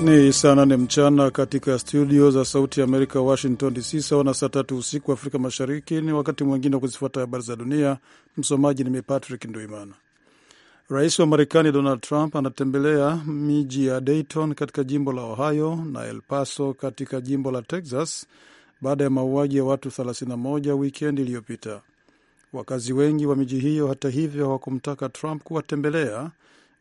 Ni saa nane mchana katika studio za Sauti ya Amerika, Washington DC, sawa na saa tatu usiku Afrika Mashariki. Ni wakati mwingine wa kuzifuata habari za dunia. Msomaji ni mimi Patrick Nduimana. Rais wa Marekani Donald Trump anatembelea miji ya Dayton katika jimbo la Ohio na El Paso katika jimbo la Texas baada ya mauaji ya watu 31 wikendi iliyopita. Wakazi wengi wa miji hiyo, hata hivyo, hawakumtaka Trump kuwatembelea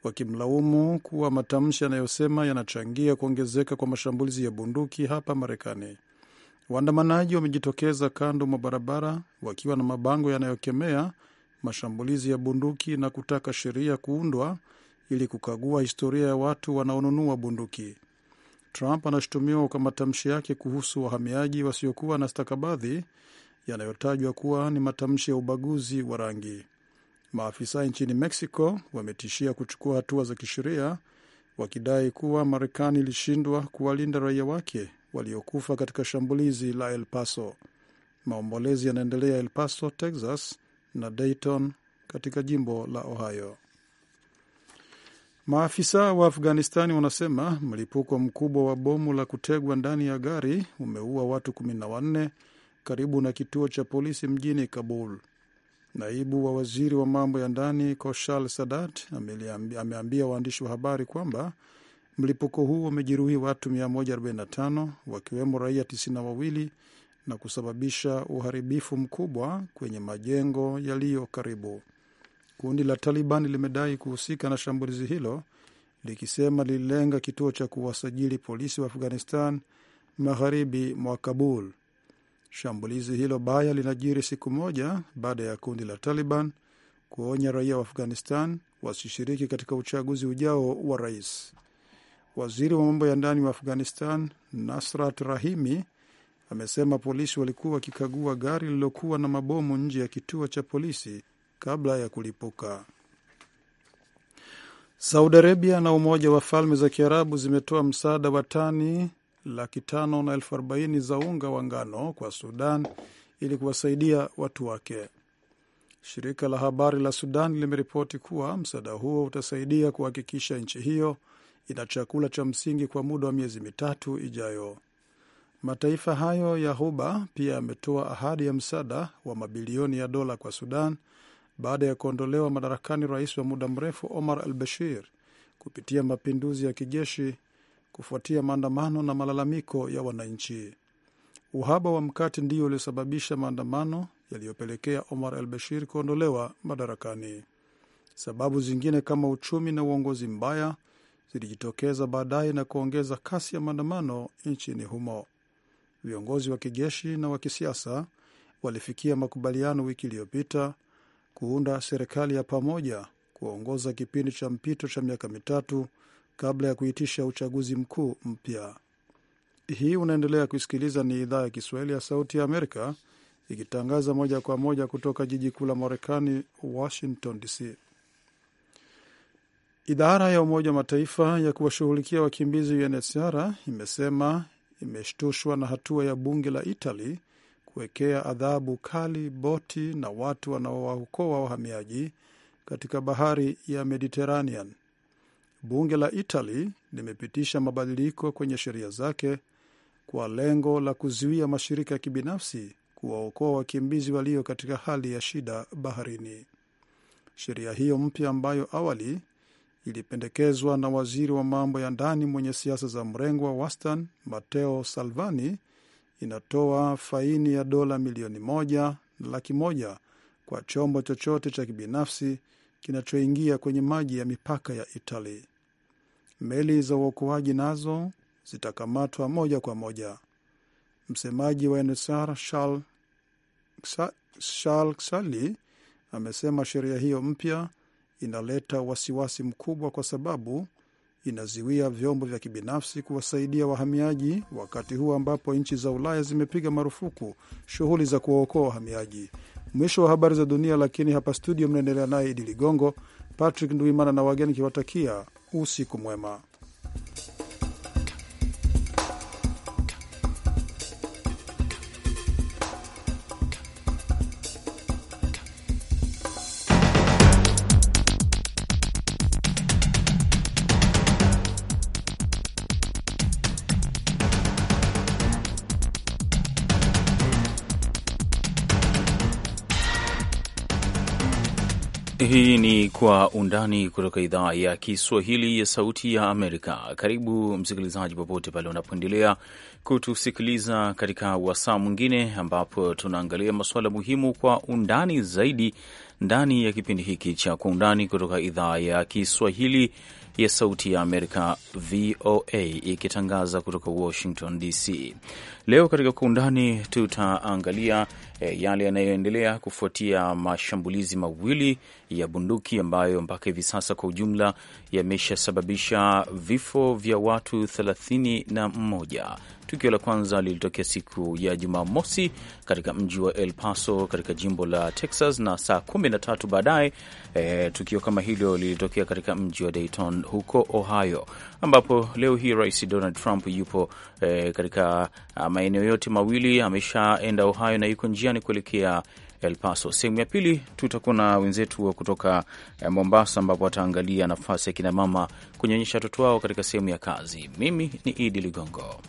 wakimlaumu kuwa matamshi yanayosema yanachangia kuongezeka kwa mashambulizi ya bunduki hapa Marekani. Waandamanaji wamejitokeza kando mwa barabara wakiwa na mabango yanayokemea mashambulizi ya bunduki na kutaka sheria kuundwa ili kukagua historia ya watu wanaonunua bunduki. Trump anashutumiwa kwa matamshi yake kuhusu wahamiaji wasiokuwa na stakabadhi yanayotajwa kuwa ni matamshi ya ubaguzi wa rangi. Maafisa nchini Mexico wametishia kuchukua hatua za kisheria wakidai kuwa Marekani ilishindwa kuwalinda raia wake waliokufa katika shambulizi la El Paso. Maombolezi yanaendelea El Paso, Texas na Dayton katika jimbo la Ohio. Maafisa wa Afghanistani wanasema mlipuko mkubwa wa bomu la kutegwa ndani ya gari umeua watu 14 karibu na kituo cha polisi mjini Kabul. Naibu wa waziri wa mambo ya ndani Koshal Sadat ameambia waandishi wa habari kwamba mlipuko huu umejeruhi watu 145 wakiwemo raia 92 na kusababisha uharibifu mkubwa kwenye majengo yaliyo karibu. Kundi la Taliban limedai kuhusika na shambulizi hilo likisema lililenga kituo cha kuwasajili polisi wa Afghanistan magharibi mwa Kabul. Shambulizi hilo baya linajiri siku moja baada ya kundi la Taliban kuonya raia wa Afghanistan wasishiriki katika uchaguzi ujao wa rais. Waziri wa mambo ya ndani wa Afghanistan Nasrat Rahimi amesema polisi walikuwa wakikagua gari lililokuwa na mabomu nje ya kituo cha polisi kabla ya kulipuka. Saudi Arabia na Umoja wa Falme za Kiarabu zimetoa msaada wa tani laki tano na elfu arobaini za unga wa ngano kwa Sudan ili kuwasaidia watu wake. Shirika la habari la Sudan limeripoti kuwa msaada huo utasaidia kuhakikisha nchi hiyo ina chakula cha msingi kwa muda wa miezi mitatu ijayo. Mataifa hayo ya Ghuba pia yametoa ahadi ya msaada wa mabilioni ya dola kwa Sudan baada ya kuondolewa madarakani rais wa muda mrefu Omar al Bashir kupitia mapinduzi ya kijeshi kufuatia maandamano na malalamiko ya wananchi. Uhaba wa mkate ndio uliosababisha maandamano yaliyopelekea Omar al Bashir kuondolewa madarakani. Sababu zingine kama uchumi na uongozi mbaya zilijitokeza baadaye na kuongeza kasi ya maandamano nchini humo. Viongozi wa kijeshi na wa kisiasa walifikia makubaliano wiki iliyopita kuunda serikali ya pamoja kuongoza kipindi cha mpito cha miaka mitatu kabla ya kuitisha uchaguzi mkuu mpya. Hii unaendelea kuisikiliza, ni idhaa ya Kiswahili ya Sauti ya Amerika ikitangaza moja kwa moja kutoka jiji kuu la Marekani, Washington DC. Idara ya Umoja wa Mataifa ya kuwashughulikia wakimbizi UNHCR imesema imeshtushwa na hatua ya bunge la Italy kuwekea adhabu kali boti na watu wanaowaokoa wahamiaji katika bahari ya Mediterranean bunge la Italy limepitisha mabadiliko kwenye sheria zake kwa lengo la kuzuia mashirika ya kibinafsi kuwaokoa wakimbizi walio katika hali ya shida baharini. Sheria hiyo mpya ambayo awali ilipendekezwa na waziri wa mambo ya ndani mwenye siasa za mrengo wa wastan Matteo Salvini inatoa faini ya dola milioni moja na laki moja kwa chombo chochote cha kibinafsi kinachoingia kwenye maji ya mipaka ya Itali. Meli za uokoaji nazo zitakamatwa moja kwa moja. Msemaji wa NSR Shal Sali amesema sheria hiyo mpya inaleta wasiwasi mkubwa kwa sababu inaziwia vyombo vya kibinafsi kuwasaidia wahamiaji wakati huu ambapo nchi za Ulaya zimepiga marufuku shughuli za kuwaokoa wahamiaji. Mwisho wa habari za dunia, lakini hapa studio mnaendelea naye Idi Ligongo, Patrick Nduimana na wageni kiwatakia Usiku mwema. Kwa Undani kutoka idhaa ya Kiswahili ya Sauti ya Amerika. Karibu msikilizaji, popote pale unapoendelea kutusikiliza katika wasaa mwingine, ambapo tunaangalia masuala muhimu kwa undani zaidi ndani ya kipindi hiki cha Kwa Undani kutoka idhaa ya Kiswahili ya Sauti ya Amerika, VOA, ikitangaza kutoka Washington DC. Leo katika Kwa Undani tutaangalia e, yale yanayoendelea kufuatia mashambulizi mawili ya bunduki ambayo mpaka hivi sasa kwa ujumla yameshasababisha vifo vya watu mmoja Tukio la kwanza lilitokea siku ya Jumamosi katika mji wa El Paso katika jimbo la Texas, na saa kumi na tatu baadaye e, tukio kama hilo lilitokea katika mji wa Dayton huko Ohio, ambapo leo hii Rais Donald Trump yupo e, katika ah, maeneo yote mawili. Ameshaenda Ohio na yuko njiani kuelekea El Paso. Sehemu ya pili tutakuwa na wenzetu kutoka eh, Mombasa, ambapo wataangalia nafasi ya kinamama kunyonyesha watoto wao katika sehemu ya kazi. Mimi ni Idi Ligongo.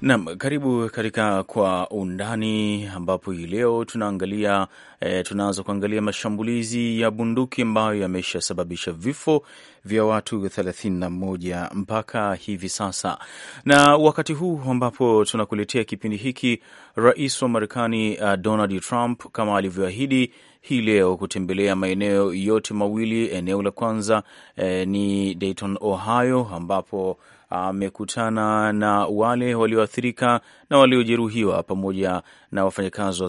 nam karibu katika Kwa Undani, ambapo hii leo tunaangalia e, tunaanza kuangalia mashambulizi ya bunduki ambayo yameshasababisha vifo vya watu 31 mpaka hivi sasa. Na wakati huu ambapo tunakuletea kipindi hiki, rais wa Marekani uh, Donald Trump kama alivyoahidi hii leo kutembelea maeneo yote mawili. Eneo la kwanza e, ni Dayton, Ohio ambapo amekutana na wale walioathirika na waliojeruhiwa pamoja na wafanyakazi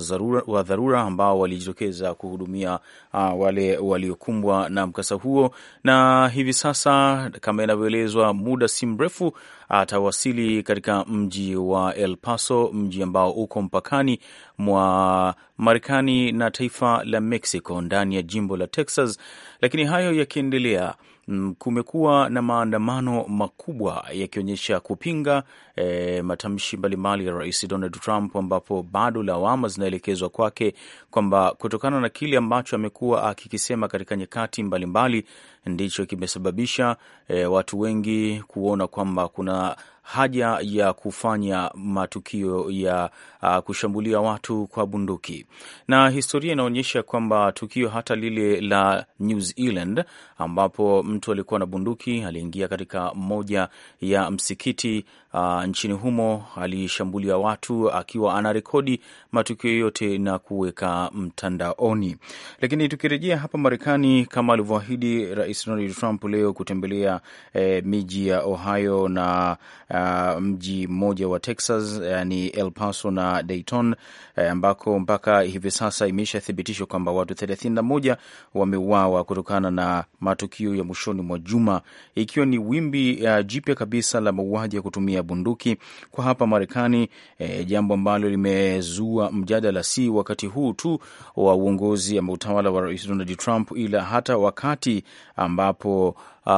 wa dharura ambao walijitokeza kuhudumia ah, wale waliokumbwa na mkasa huo, na hivi sasa kama inavyoelezwa, muda si mrefu atawasili katika mji wa El Paso, mji ambao uko mpakani mwa Marekani na taifa la Mexico ndani ya jimbo la Texas. Lakini hayo yakiendelea Mm, kumekuwa na maandamano makubwa yakionyesha kupinga e, matamshi mbalimbali ya Rais Donald Trump, ambapo bado lawama zinaelekezwa kwake kwamba kutokana na kile ambacho amekuwa akikisema katika nyakati mbalimbali ndicho kimesababisha e, watu wengi kuona kwamba kuna haja ya kufanya matukio ya uh, kushambulia watu kwa bunduki, na historia inaonyesha kwamba tukio hata lile la New Zealand ambapo mtu alikuwa na bunduki aliingia katika moja ya msikiti uh, nchini humo alishambulia watu akiwa anarekodi matukio yote na kuweka mtandaoni. Lakini tukirejea hapa Marekani, kama alivyoahidi Rais Donald Trump leo kutembelea eh, miji ya Ohio na uh, mji mmoja wa Texas, yani eh, El Paso na Dayton, eh, ambako mpaka hivi sasa imeshathibitishwa kwamba watu 31 wameuawa kutokana na matukio ya mwishoni mwa juma, ikiwa ni wimbi uh, jipya kabisa la mauaji ya kutumia bunduki kwa hapa Marekani, e, jambo ambalo limezua mjadala si wakati huu tu wa uongozi ama utawala wa Rais Donald Trump, ila hata wakati ambapo Uh,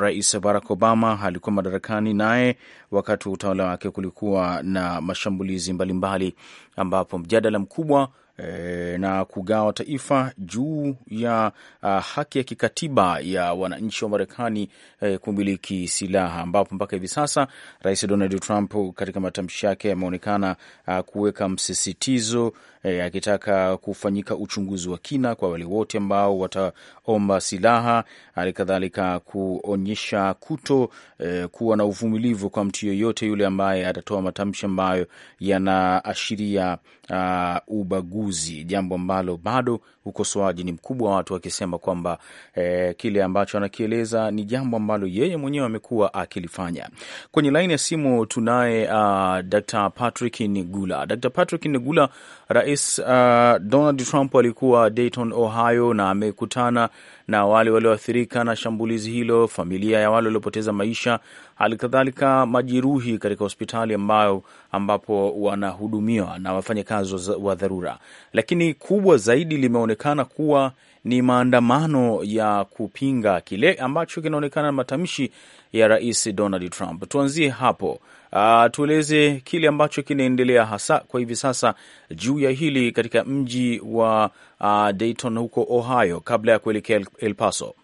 Rais Barack Obama alikuwa madarakani, naye wakati wa utawala wake kulikuwa na mashambulizi mbalimbali mbali, ambapo mjadala mkubwa Eh, na kugawa taifa juu ya uh, haki ya kikatiba ya wananchi wa Marekani uh, kumiliki silaha, ambapo mpaka hivi sasa Rais Donald Trump katika matamshi yake ameonekana ah, kuweka msisitizo e, akitaka kufanyika uchunguzi wa kina kwa wale wote ambao wataomba silaha, hali kadhalika kuonyesha kuto e, kuwa na uvumilivu kwa mtu yeyote yule ambaye atatoa matamshi ambayo yanaashiria ah, ubaguzi, jambo ambalo bado ukosoaji ni mkubwa, watu wakisema kwamba e, kile ambacho anakieleza ni jambo ambalo yeye mwenyewe amekuwa akilifanya. Kwenye laini ya simu tunaye ah, Dr. Patrick Nigula. Dr. Patrick Nigula, rais Rais uh, Donald Trump alikuwa Dayton, Ohio, na amekutana na wale walioathirika na shambulizi hilo, familia ya wale waliopoteza maisha, hali kadhalika majeruhi katika hospitali ambayo ambapo wanahudumiwa na wafanyakazi wa dharura. Lakini kubwa zaidi limeonekana kuwa ni maandamano ya kupinga kile ambacho kinaonekana matamshi ya Rais Donald Trump. Tuanzie hapo. Uh, tueleze kile ambacho kinaendelea hasa kwa hivi sasa juu ya hili katika mji wa uh, Dayton huko Ohio kabla ya kuelekea El Paso.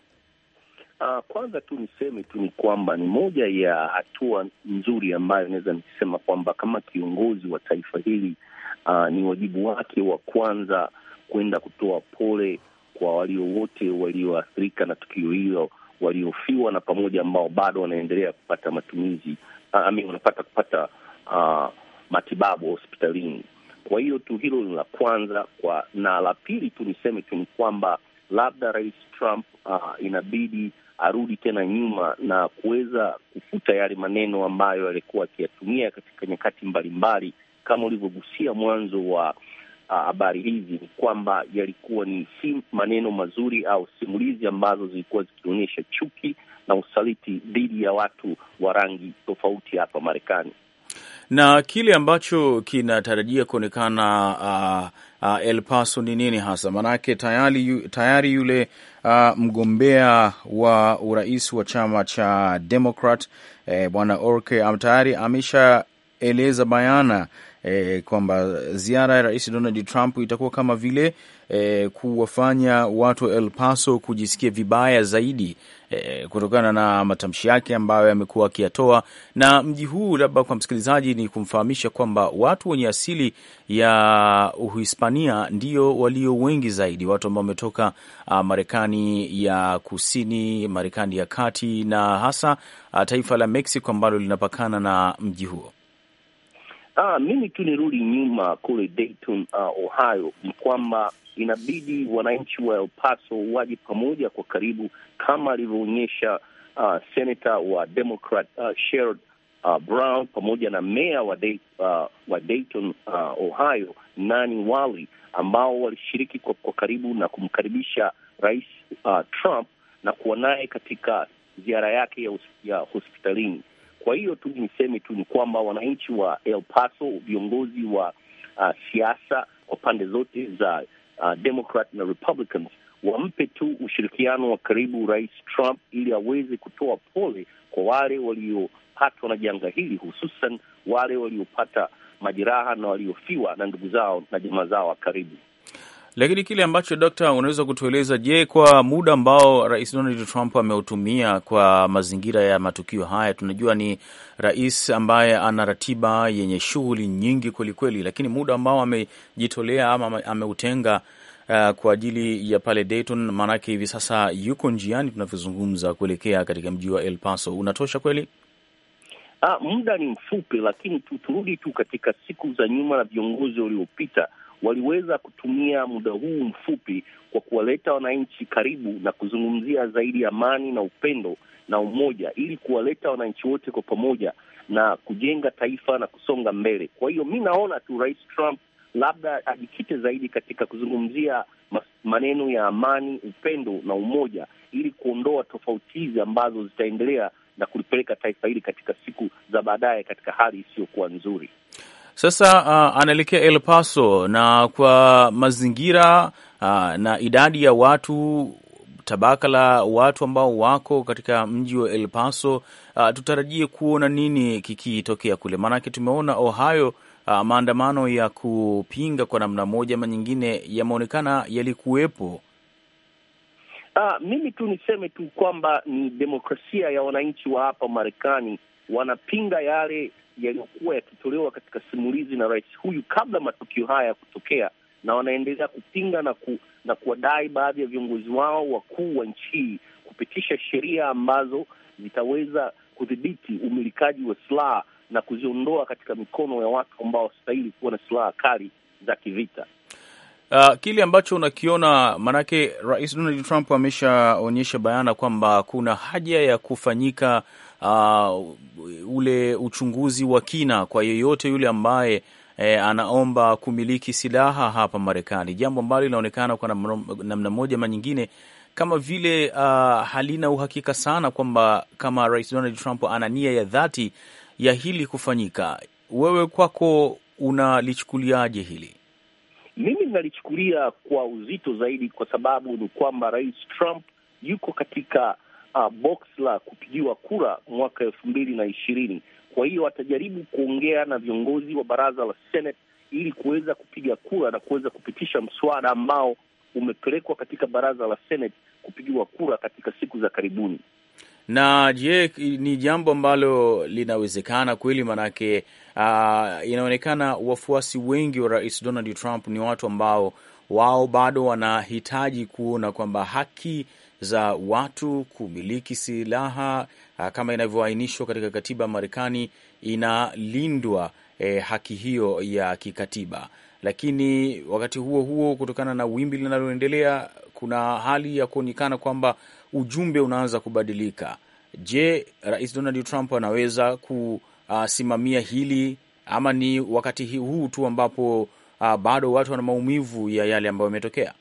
Uh, kwanza tu niseme tu ni kwamba ni moja ya hatua nzuri ambayo naweza nikisema kwamba kama kiongozi wa taifa hili uh, ni wajibu wake wa kwanza kwenda kutoa pole kwa walio wote walioathirika na tukio hilo, waliofiwa na pamoja ambao bado wanaendelea kupata matumizi ami wanapata kupata uh, matibabu hospitalini. Kwa hiyo tu hilo ni la kwanza kwa, na la pili tu niseme tu ni kwamba labda Rais Trump uh, inabidi arudi tena nyuma na kuweza kufuta yale maneno ambayo alikuwa akiyatumia katika nyakati mbalimbali, kama ulivyogusia mwanzo wa uh, habari uh, hizi ni kwamba yalikuwa ni si maneno mazuri au simulizi ambazo zilikuwa zikionyesha chuki na usaliti dhidi ya watu wa rangi tofauti hapa Marekani na kile ambacho kinatarajia kuonekana uh, uh, El Paso ni nini hasa? Maanake tayari, tayari yule uh, mgombea wa urais wa chama cha Democrat eh, bwana Orke tayari ameshaeleza bayana eh, kwamba ziara ya Rais Donald Trump itakuwa kama vile eh, kuwafanya watu wa El Paso kujisikia vibaya zaidi eh, kutokana na matamshi yake ambayo amekuwa akiyatoa. Na mji huu, labda kwa msikilizaji, ni kumfahamisha kwamba watu wenye asili ya Uhispania ndio walio wengi zaidi, watu ambao wametoka uh, Marekani ya kusini, Marekani ya kati na hasa uh, taifa la Mexico ambalo linapakana na mji huo. Ah, mimi tu nirudi nyuma kule Dayton, uh, Ohio, ni kwamba inabidi wananchi wa El Paso waje pamoja kwa karibu kama alivyoonyesha uh, ah, senata wa Democrat uh, Sherrod uh, Brown pamoja na meya wa, Day, uh, wa Dayton uh, Ohio Nani Wali ambao walishiriki kwa, kwa karibu na kumkaribisha Rais uh, Trump na kuwa naye katika ziara yake ya, ya hospitalini. Kwa hiyo tu niseme tu ni kwamba wananchi wa El Paso, viongozi wa uh, siasa kwa pande zote za uh, Democrat na Republicans wampe tu ushirikiano wa karibu Rais Trump ili aweze kutoa pole kwa wale waliopatwa na janga hili, hususan wale waliopata majeraha na waliofiwa na ndugu zao na jamaa zao wa karibu. Lakini kile ambacho Dokta, unaweza kutueleza, je, kwa muda ambao Rais Donald Trump ameutumia kwa mazingira ya matukio haya, tunajua ni rais ambaye ana ratiba yenye shughuli nyingi kwelikweli, lakini muda ambao amejitolea ama ameutenga Uh, kwa ajili ya pale Dayton, maanake hivi sasa yuko njiani tunavyozungumza kuelekea katika mji wa El Paso, unatosha kweli? Ah, muda ni mfupi, lakini turudi tu katika siku za nyuma na viongozi waliopita waliweza kutumia muda huu mfupi kwa kuwaleta wananchi karibu na kuzungumzia zaidi amani na upendo na umoja, ili kuwaleta wananchi wote kwa pamoja na kujenga taifa na kusonga mbele. Kwa hiyo mi naona tu Rais Trump labda ajikite zaidi katika kuzungumzia maneno ya amani, upendo na umoja, ili kuondoa tofauti hizi ambazo zitaendelea na kulipeleka taifa hili katika siku za baadaye katika hali isiyokuwa nzuri. Sasa uh, anaelekea El Paso na kwa mazingira uh, na idadi ya watu tabaka la watu ambao wako katika mji wa El Paso uh, tutarajie kuona nini kikitokea kule, maanake tumeona Ohio uh, maandamano ya kupinga kwa namna moja ama nyingine yameonekana yalikuwepo. Uh, mimi tu niseme tu kwamba ni demokrasia ya wananchi wa hapa Marekani wanapinga yale yaliyokuwa yakitolewa katika simulizi na rais huyu kabla matukio haya ya kutokea, na wanaendelea kupinga na, ku, na kuwadai baadhi ya viongozi wao wakuu wa nchi hii kupitisha sheria ambazo zitaweza kudhibiti umilikaji wa silaha na kuziondoa katika mikono ya watu ambao wastahili kuwa na silaha kali za kivita. Uh, kile ambacho unakiona, maanake Rais Donald Trump ameshaonyesha bayana kwamba kuna haja ya kufanyika uh, ule uchunguzi wa kina kwa yeyote yule ambaye E, anaomba kumiliki silaha hapa Marekani, jambo ambalo linaonekana kwa namna moja ama nyingine kama vile uh, halina uhakika sana kwamba kama Rais Donald Trump ana nia ya dhati ya hili kufanyika. Wewe kwako unalichukuliaje hili? Mimi nalichukulia kwa uzito zaidi, kwa sababu ni kwamba Rais Trump yuko katika uh, box la kupigiwa kura mwaka elfu mbili na ishirini. Kwa hiyo atajaribu kuongea na viongozi wa baraza la Senate ili kuweza kupiga kura na kuweza kupitisha mswada ambao umepelekwa katika baraza la Senate kupigiwa kura katika siku za karibuni. Na je, ni jambo ambalo linawezekana kweli? Maanake uh, inaonekana wafuasi wengi wa Rais Donald Trump ni watu ambao wao bado wanahitaji kuona kwamba haki za watu kumiliki silaha ah, kama inavyoainishwa katika katiba ya Marekani inalindwa e, haki hiyo ya kikatiba. Lakini wakati huo huo, kutokana na wimbi linaloendelea, kuna hali ya kuonekana kwamba ujumbe unaanza kubadilika. Je, Rais Donald Trump anaweza kusimamia hili ama ni wakati huu tu ambapo a, ah, bado watu wana maumivu ya yale ambayo yametokea?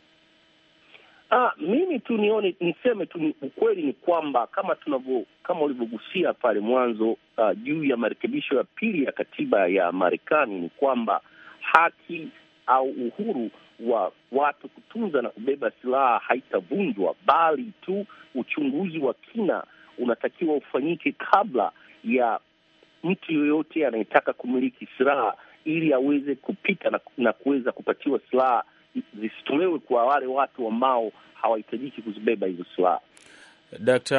Ah, mimi tu nione niseme tu ni ukweli ni kwamba kama tunavyo kama ulivyogusia pale mwanzo uh, juu ya marekebisho ya pili ya katiba ya Marekani ni kwamba haki au uhuru wa watu kutunza na kubeba silaha haitavunjwa, bali tu uchunguzi wa kina unatakiwa ufanyike kabla ya mtu yoyote anayetaka kumiliki silaha ili aweze kupita na, na kuweza kupatiwa silaha zisitolewe kwa wale watu ambao hawahitajiki kuzibeba hizo silaha. Dkt.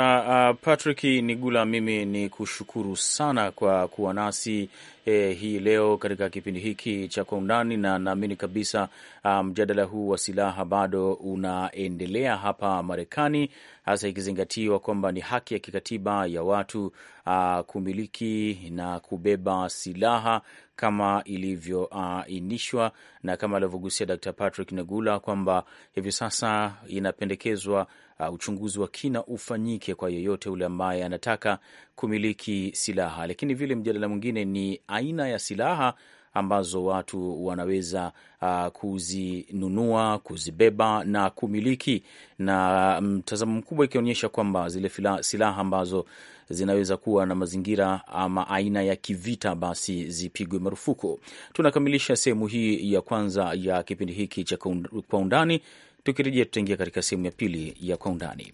Patrick Nigula, mimi ni kushukuru sana kwa kuwa nasi e, hii leo katika kipindi hiki cha Kwa Undani, na naamini kabisa ah, mjadala um, huu wa silaha bado unaendelea hapa Marekani, hasa ikizingatiwa kwamba ni haki ya kikatiba ya watu uh, kumiliki na kubeba silaha kama ilivyoainishwa uh, na kama alivyogusia Dr. Patrick Negula kwamba hivi sasa inapendekezwa uh, uchunguzi wa kina ufanyike kwa yeyote ule ambaye anataka kumiliki silaha, lakini vile mjadala mwingine ni aina ya silaha ambazo watu wanaweza uh, kuzinunua, kuzibeba na kumiliki, na mm, mtazamo mkubwa ikionyesha kwamba zile silaha ambazo zinaweza kuwa na mazingira ama aina ya kivita basi zipigwe marufuku. Tunakamilisha sehemu hii ya kwanza ya kipindi hiki cha Kwa Undani. Tukirejea tutaingia katika sehemu ya pili ya Kwa Undani.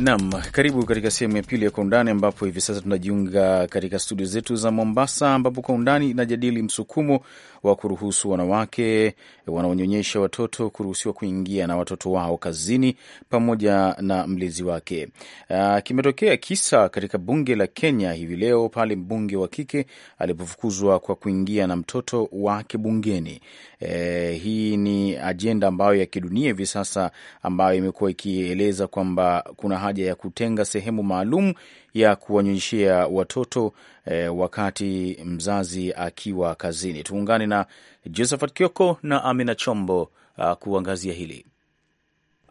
Nam, karibu katika sehemu ya pili ya Kwa Undani, ambapo hivi sasa tunajiunga katika studio zetu za Mombasa, ambapo Kwa Undani inajadili msukumo wa kuruhusu wanawake wanaonyonyesha watoto kuruhusiwa kuingia na watoto wao kazini pamoja na mlezi wake. Uh, kimetokea kisa katika bunge la Kenya hivi leo pale mbunge wa kike alipofukuzwa kwa kuingia na mtoto wake bungeni. Eh, hii ni ajenda ambayo ya kidunia hivi sasa ambayo imekuwa ikieleza kwamba kuna haja ya kutenga sehemu maalum ya kuwanyonyeshea watoto e, wakati mzazi akiwa kazini. Tuungane na Josephat Kioko na Amina Chombo a, ah, kuangazia hili.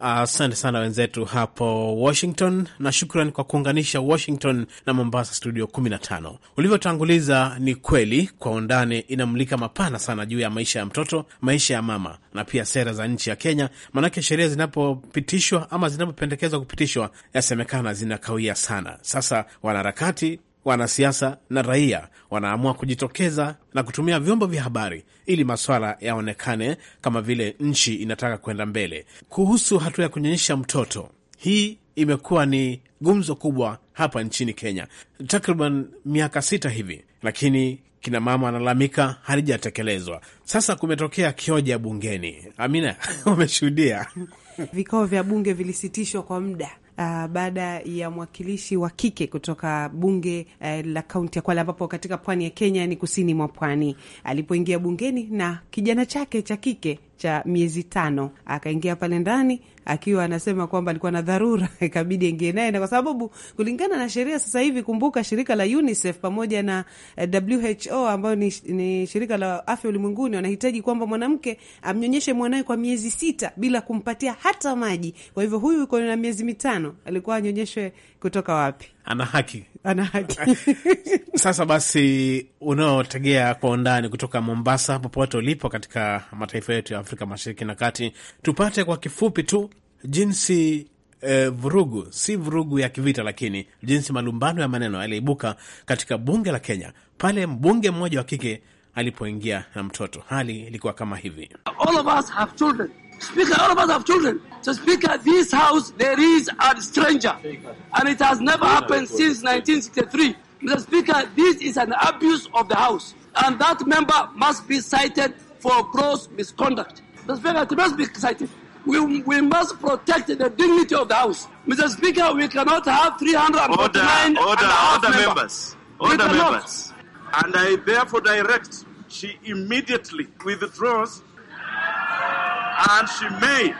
Asante uh, sana wenzetu hapo Washington, na shukran kwa kuunganisha Washington na Mombasa studio 15. Ulivyotanguliza ni kweli, kwa undani inamulika mapana sana juu ya maisha ya mtoto, maisha ya mama na pia sera za nchi ya Kenya, maanake sheria zinapopitishwa ama zinapopendekezwa kupitishwa, yasemekana zinakawia sana. Sasa wanaharakati wanasiasa na raia wanaamua kujitokeza na kutumia vyombo vya habari ili maswala yaonekane kama vile nchi inataka kwenda mbele. Kuhusu hatua ya kunyonyesha mtoto, hii imekuwa ni gumzo kubwa hapa nchini Kenya takriban miaka sita hivi, lakini kina mama wanalalamika halijatekelezwa. Sasa kumetokea kioja bungeni. Amina, wameshuhudia vikao vya bunge vilisitishwa kwa muda uh, baada ya mwakilishi wa kike kutoka bunge uh, la kaunti ya Kwale ambapo katika pwani ya Kenya ni kusini mwa pwani, alipoingia bungeni na kijana chake cha kike cha miezi tano. Akaingia pale ndani akiwa anasema kwamba alikuwa na dharura, ikabidi aingie naye, na kwa sababu kulingana na sheria sasa hivi, kumbuka shirika la UNICEF pamoja na eh, WHO ambayo ni, ni shirika la afya ulimwenguni, wanahitaji kwamba mwanamke amnyonyeshe mwanawe kwa miezi sita bila kumpatia hata maji. Kwa hivyo huyu iko na miezi mitano, alikuwa anyonyeshwe kutoka wapi? ana haki, ana haki. Sasa basi, unaotegea kwa undani kutoka Mombasa, popote ulipo katika mataifa yetu ya Afrika Mashariki na Kati, tupate kwa kifupi tu jinsi E, vurugu si vurugu ya kivita, lakini jinsi malumbano ya maneno yaliibuka katika bunge la Kenya pale mbunge mmoja wa kike alipoingia na mtoto. Hali ilikuwa kama hivi. All of us have children. Speaker, all of us have children. So, Speaker, this house, there is a stranger. And it has never happened since 1963. Mr. Speaker, this is an abuse of the House. And that member must be cited for gross misconduct. Mr. Speaker, it must be cited. We, we must protect the dignity of the House. Mr. Speaker, we cannot have 349 order, order, order members. Order members. And I therefore direct she immediately withdraws and she may.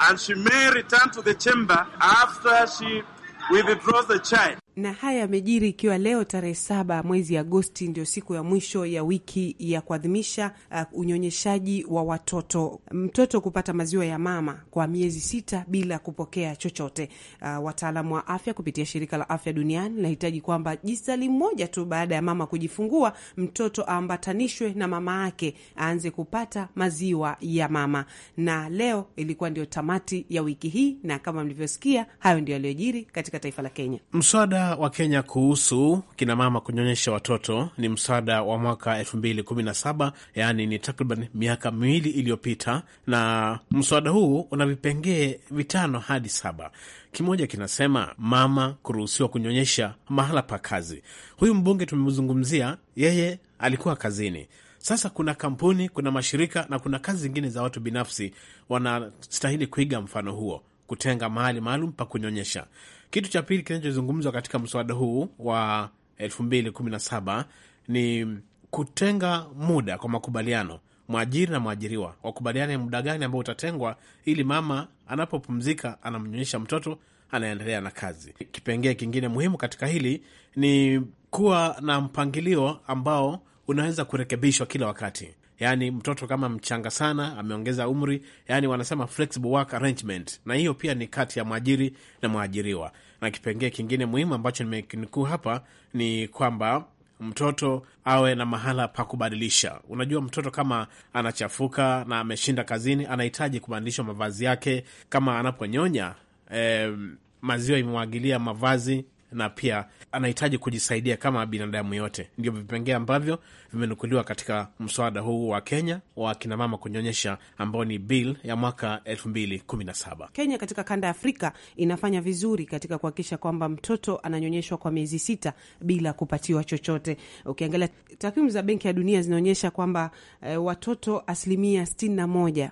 And she may return to the chamber after she withdraws the child. na haya yamejiri ikiwa leo tarehe saba mwezi Agosti ndio siku ya mwisho ya wiki ya kuadhimisha uh, unyonyeshaji wa watoto, mtoto kupata maziwa ya mama kwa miezi sita bila kupokea chochote. Uh, wataalamu wa afya kupitia shirika la afya duniani nahitaji kwamba jisali moja tu baada ya mama kujifungua mtoto aambatanishwe na mama yake aanze kupata maziwa ya mama, na leo ilikuwa ndio tamati ya wiki hii, na kama mlivyosikia, hayo ndio yaliyojiri katika taifa la Kenya. Mswada wa Kenya kuhusu kinamama kunyonyesha watoto ni mswada wa mwaka 2017 yaani ni takriban miaka miwili iliyopita, na mswada huu una vipengee vitano hadi saba. Kimoja kinasema mama kuruhusiwa kunyonyesha mahala pa kazi. Huyu mbunge tumemzungumzia, yeye alikuwa kazini. Sasa kuna kampuni, kuna mashirika na kuna kazi zingine za watu binafsi, wanastahili kuiga mfano huo, kutenga mahali maalum pa kunyonyesha. Kitu cha pili kinachozungumzwa katika mswada huu wa 2017 ni kutenga muda kwa makubaliano, mwajiri na mwajiriwa wakubaliane muda gani ambao utatengwa, ili mama anapopumzika anamnyonyesha mtoto anaendelea na kazi. Kipengee kingine muhimu katika hili ni kuwa na mpangilio ambao unaweza kurekebishwa kila wakati yani mtoto kama mchanga sana ameongeza umri, yani wanasema flexible work arrangement, na hiyo pia ni kati ya mwajiri na mwajiriwa. Na kipengee kingine muhimu ambacho nimekinukuu hapa ni kwamba mtoto awe na mahala pa kubadilisha. Unajua, mtoto kama anachafuka na ameshinda kazini, anahitaji kubadilishwa mavazi yake. Kama anaponyonya eh, maziwa imemwagilia mavazi na pia anahitaji kujisaidia kama binadamu yote. Ndio vipengee ambavyo vimenukuliwa katika mswada huu wa Kenya wa kinamama kunyonyesha, ambao ni bill ya mwaka 2017. Kenya katika kanda ya Afrika inafanya vizuri katika kuhakikisha kwamba mtoto ananyonyeshwa kwa miezi sita bila kupatiwa chochote. Ukiangalia takwimu za Benki ya Dunia zinaonyesha kwamba e, watoto asilimia 61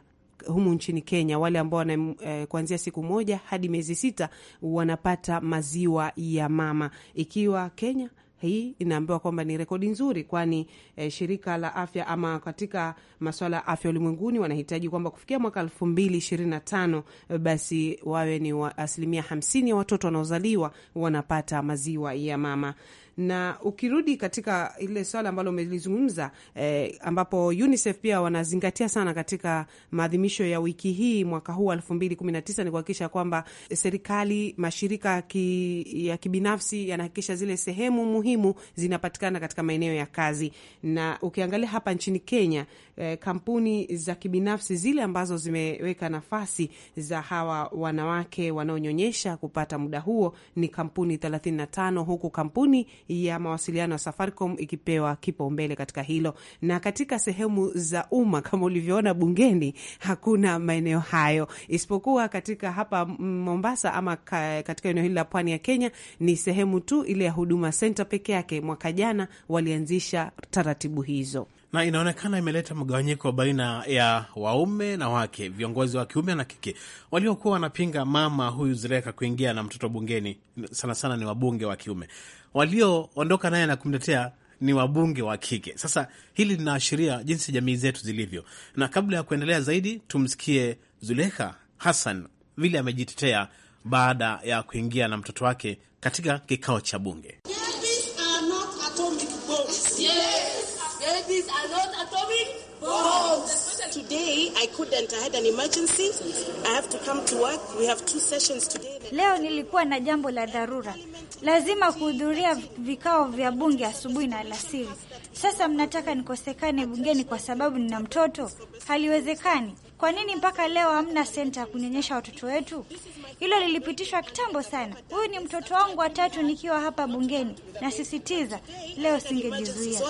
humu nchini Kenya, wale ambao wana eh, kuanzia siku moja hadi miezi sita wanapata maziwa ya mama, ikiwa Kenya hii inaambiwa kwamba ni rekodi nzuri, kwani eh, shirika la afya ama katika masuala ya afya ulimwenguni wanahitaji kwamba kufikia mwaka elfu mbili ishirini na tano eh, basi wawe ni wa asilimia hamsini ya watoto wanaozaliwa wanapata maziwa ya mama. Na ukirudi katika ile swala ambalo umelizungumza eh, ambapo UNICEF pia wanazingatia sana katika maadhimisho ya wiki hii mwaka huu elfu mbili kumi na tisa ni kuhakikisha kwamba serikali, mashirika ki, ya kibinafsi yanahakikisha zile sehemu muhimu zinapatikana katika maeneo ya kazi. Na ukiangalia hapa nchini Kenya eh, kampuni za kibinafsi zile ambazo zimeweka nafasi za hawa wanawake wanaonyonyesha kupata muda huo ni kampuni thelathini na tano huku kampuni ya mawasiliano ya Safaricom ikipewa kipaumbele katika hilo, na katika sehemu za umma kama ulivyoona bungeni hakuna maeneo hayo, isipokuwa katika hapa Mombasa ama katika eneo hili la pwani ya Kenya ni sehemu tu ile ya Huduma Center peke yake. Mwaka jana walianzisha taratibu hizo na inaonekana imeleta mgawanyiko baina ya waume na wake, viongozi wa kiume na kike. Waliokuwa wanapinga mama huyu Zureka kuingia na mtoto bungeni sana sana ni wabunge wa kiume, walioondoka naye na kumtetea ni wabunge wa kike. Sasa hili linaashiria jinsi jamii zetu zilivyo, na kabla ya kuendelea zaidi, tumsikie Zulekha Hassan vile amejitetea baada ya kuingia na mtoto wake katika kikao cha bunge. Yes, Leo nilikuwa na jambo la dharura, lazima kuhudhuria vikao vya bunge asubuhi na alasiri. Sasa mnataka nikosekane bungeni kwa sababu nina mtoto? Haliwezekani. Kwa nini mpaka leo hamna senta ya kunyonyesha watoto wetu? Hilo lilipitishwa kitambo sana. Huyu ni mtoto wangu wa tatu nikiwa hapa bungeni, nasisitiza leo singejizuia.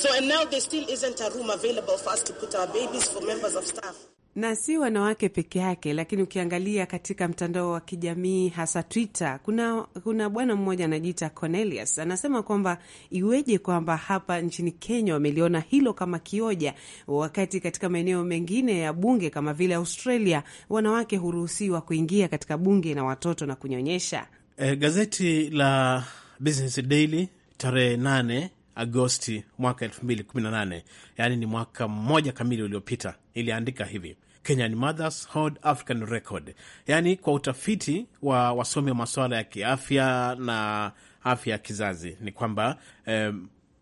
So, and now there still isn't a room available for us to put our babies for members of staff na si wanawake peke yake, lakini ukiangalia katika mtandao wa kijamii hasa Twitter, kuna kuna bwana mmoja anajiita Cornelius anasema kwamba iweje kwamba hapa nchini Kenya wameliona hilo kama kioja, wakati katika maeneo mengine ya bunge kama vile Australia wanawake huruhusiwa kuingia katika bunge na watoto na kunyonyesha. Eh, gazeti la Business Daily tarehe 8 Agosti mwaka 2018, yaani ni mwaka mmoja kamili uliopita, iliandika hivi: Kenyan Mothers Hold African Record, yaani kwa utafiti wa wasomi wa masuala ya kiafya na afya ya kizazi ni kwamba eh,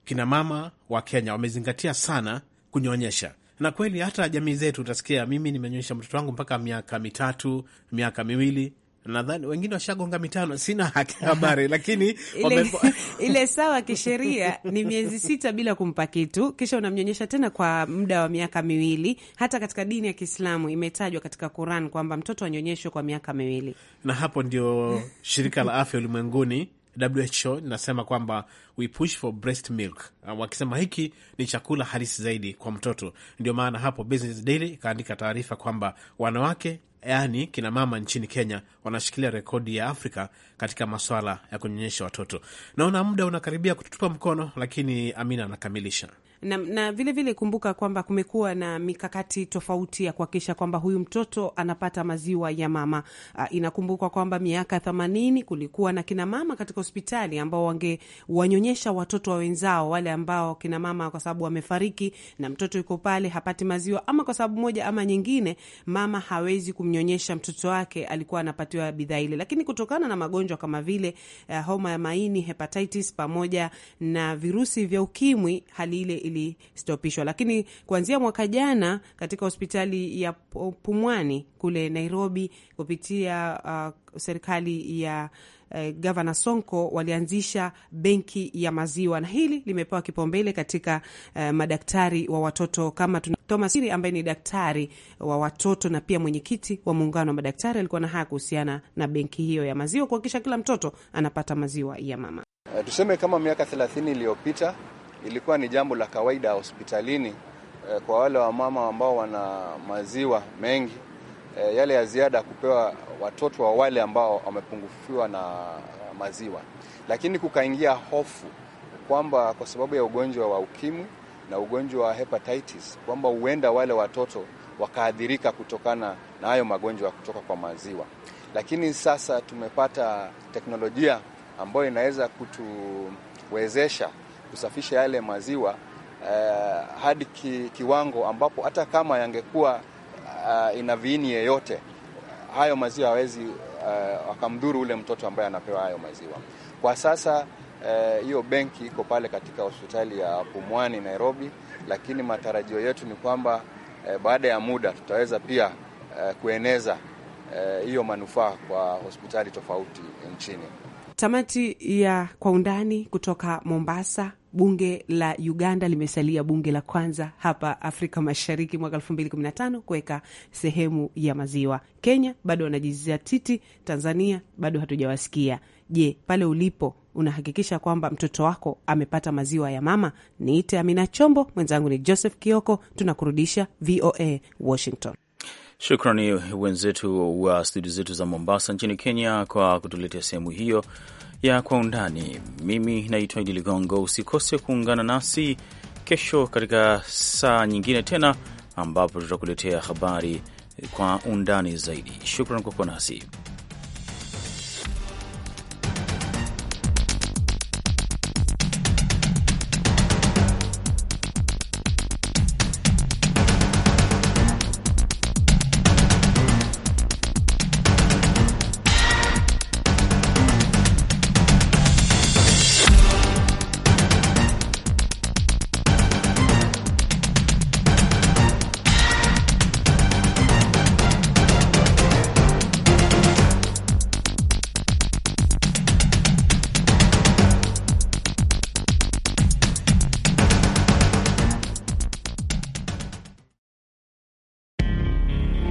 kinamama wa Kenya wamezingatia sana kunyonyesha na kweli hata jamii zetu utasikia, mimi nimenyonyesha mtoto wangu mpaka miaka mitatu, miaka miwili nadhani wengine washagonga mitano, sina haki habari lakini ile, ile sawa kisheria ni miezi sita bila kumpa kitu, kisha unamnyonyesha tena kwa muda wa miaka miwili. Hata katika dini ya Kiislamu imetajwa katika Quran kwamba mtoto anyonyeshwe kwa miaka miwili, na hapo ndio shirika la afya ulimwenguni WHO inasema kwamba we push for breast milk, ah, wakisema hiki ni chakula halisi zaidi kwa mtoto. Ndio maana hapo Business Daily ikaandika taarifa kwamba wanawake yaani kina mama nchini Kenya wanashikilia rekodi ya Afrika katika maswala ya kunyonyesha watoto. Naona muda unakaribia kututupa mkono, lakini Amina anakamilisha na, na vile vile kumbuka kwamba kumekuwa na mikakati tofauti ya kuhakikisha kwamba huyu mtoto anapata maziwa ya mama. Uh, inakumbukwa kwamba miaka themanini kulikuwa na kinamama katika hospitali ambao wangewanyonyesha watoto wa wenzao, wale ambao kinamama kwa sababu wamefariki na mtoto yuko pale hapati maziwa, ama kwa sababu moja ama nyingine, mama hawezi kumnyonyesha mtoto wake, alikuwa anapatiwa bidhaa ile. Lakini kutokana na magonjwa kama vile uh, homa ya maini, hepatitis pamoja na virusi vya ukimwi, hali ile ilistopishwa, lakini kuanzia mwaka jana katika hospitali ya Pumwani kule Nairobi kupitia uh, serikali ya uh, Gavana Sonko walianzisha benki ya maziwa, na hili limepewa kipaumbele katika eh, madaktari wa watoto kama tuna Thomas Siri ambaye ni daktari wa watoto na pia mwenyekiti wa muungano wa madaktari alikuwa na haya kuhusiana na benki hiyo ya maziwa, kuhakikisha kila mtoto anapata maziwa ya mama. Uh, tuseme kama miaka thelathini iliyopita ilikuwa ni jambo la kawaida hospitalini eh, kwa wale wamama ambao wana maziwa mengi eh, yale ya ziada kupewa watoto wa wale ambao wamepungufiwa na maziwa, lakini kukaingia hofu kwamba kwa sababu ya ugonjwa wa ukimwi na ugonjwa wa hepatitis kwamba huenda wale watoto wakaathirika kutokana na hayo magonjwa kutoka kwa maziwa. Lakini sasa tumepata teknolojia ambayo inaweza kutuwezesha kusafisha yale maziwa uh, hadi ki, kiwango ambapo hata kama yangekuwa uh, ina viini yeyote hayo maziwa hawezi uh, eh, wakamdhuru ule mtoto ambaye anapewa hayo maziwa. Kwa sasa hiyo uh, benki iko pale katika hospitali ya Pumwani Nairobi, lakini matarajio yetu ni kwamba uh, baada ya muda tutaweza pia uh, kueneza hiyo uh, manufaa kwa hospitali tofauti nchini. Tamati ya Kwa Undani kutoka Mombasa. Bunge la Uganda limesalia bunge la kwanza hapa Afrika Mashariki mwaka 2015 kuweka sehemu ya maziwa. Kenya bado wanajizatiti, Tanzania bado hatujawasikia. Je, pale ulipo unahakikisha kwamba mtoto wako amepata maziwa ya mama? Niite Amina Chombo, mwenzangu ni Joseph Kioko, tunakurudisha VOA Washington. Shukrani wenzetu wa studio zetu za Mombasa nchini Kenya kwa kutuletea sehemu hiyo ya Kwa Undani. Mimi naitwa Idi Ligongo. Usikose kuungana nasi kesho katika saa nyingine tena, ambapo tutakuletea habari kwa undani zaidi. Shukran kwa kuwa nasi.